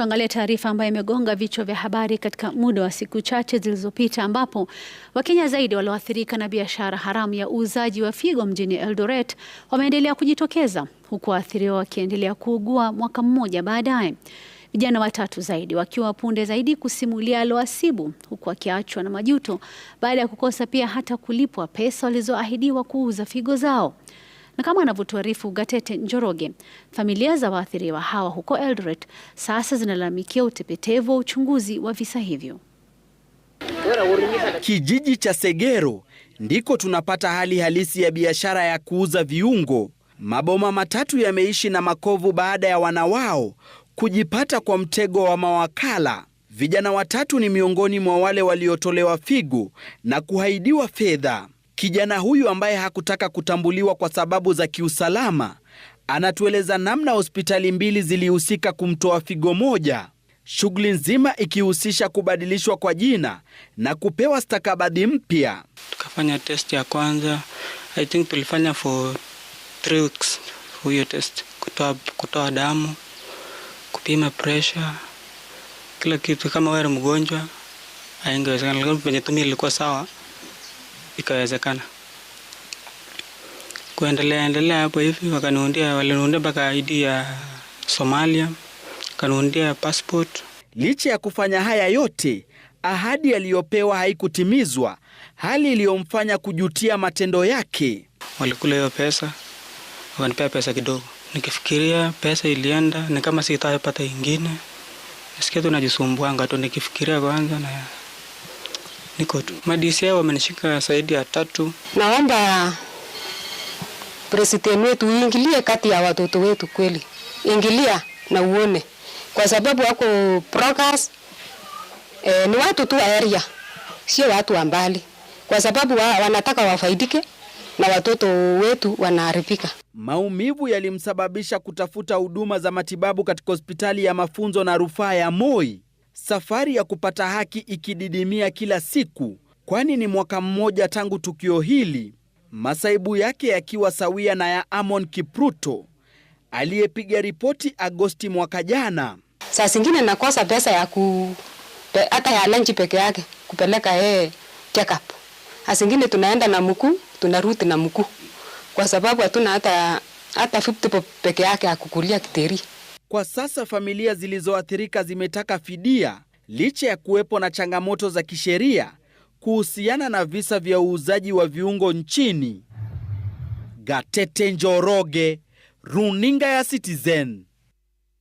Tuangalie taarifa ambayo imegonga vichwa vya habari katika muda wa siku chache zilizopita, ambapo Wakenya zaidi walioathirika na biashara haramu ya uuzaji wa figo mjini Eldoret wameendelea kujitokeza, huku waathiriwa wakiendelea kuugua mwaka mmoja baadaye. Vijana watatu zaidi wakiwa punde zaidi kusimulia aloasibu huku wakiachwa na majuto baada ya kukosa pia hata kulipwa pesa walizoahidiwa kuuza figo zao. Na kama anavyotuarifu Gatete Njoroge, familia za waathiriwa hawa huko Eldoret sasa zinalalamikia utepetevu wa uchunguzi wa visa hivyo. Kijiji cha Segero ndiko tunapata hali halisi ya biashara ya kuuza viungo. Maboma matatu yameishi na makovu baada ya wanawao kujipata kwa mtego wa mawakala. Vijana watatu ni miongoni mwa wale waliotolewa figo na kuhaidiwa fedha. Kijana huyu ambaye hakutaka kutambuliwa kwa sababu za kiusalama anatueleza namna hospitali mbili zilihusika kumtoa figo moja, shughuli nzima ikihusisha kubadilishwa kwa jina na kupewa stakabadhi mpya. Tukafanya test ya kwanza, I think tulifanya for three weeks huyo test, kutoa, kutoa damu, kupima pressure, kila kitu. Kama wewe mgonjwa, haingewezekana, lakini penye tumia ilikuwa sawa ikawezekana kuendelea endelea hapo hivi, wakaniundia waliniundia mpaka ID ya Somalia, wakaniundia passport. Licha ya kufanya haya yote, ahadi aliyopewa haikutimizwa, hali iliyomfanya kujutia matendo yake. Walikula hiyo pesa, wakanipea pesa kidogo, nikifikiria pesa ilienda ni kama sitapata ingine, sikia tu najisumbuanga tu nikifikiria kwanza na niko tu. Madisia wamenishika zaidi ya tatu. Naomba president wetu uingilie kati ya watoto wetu kweli, ingilia na uone, kwa sababu wako progress e, ni watu tu wa area, sio watu wa mbali, kwa sababu wa, wanataka wafaidike na watoto wetu wanaharibika. Maumivu yalimsababisha kutafuta huduma za matibabu katika hospitali ya mafunzo na rufaa ya Moi safari ya kupata haki ikididimia kila siku, kwani ni mwaka mmoja tangu tukio hili, masaibu yake yakiwa sawia na ya Amon Kipruto aliyepiga ripoti Agosti mwaka jana. Saa zingine nakosa pesa ya ku hata ya lanchi peke yake kupeleka yeye check up. Saa zingine tunaenda na mkuu, tunaruti na mkuu, kwa sababu hatuna hata hata 50 peke yake akukulia kiteri. Kwa sasa familia zilizoathirika zimetaka fidia licha ya kuwepo na changamoto za kisheria kuhusiana na visa vya uuzaji wa viungo nchini. Gatete Njoroge, Runinga ya Citizen.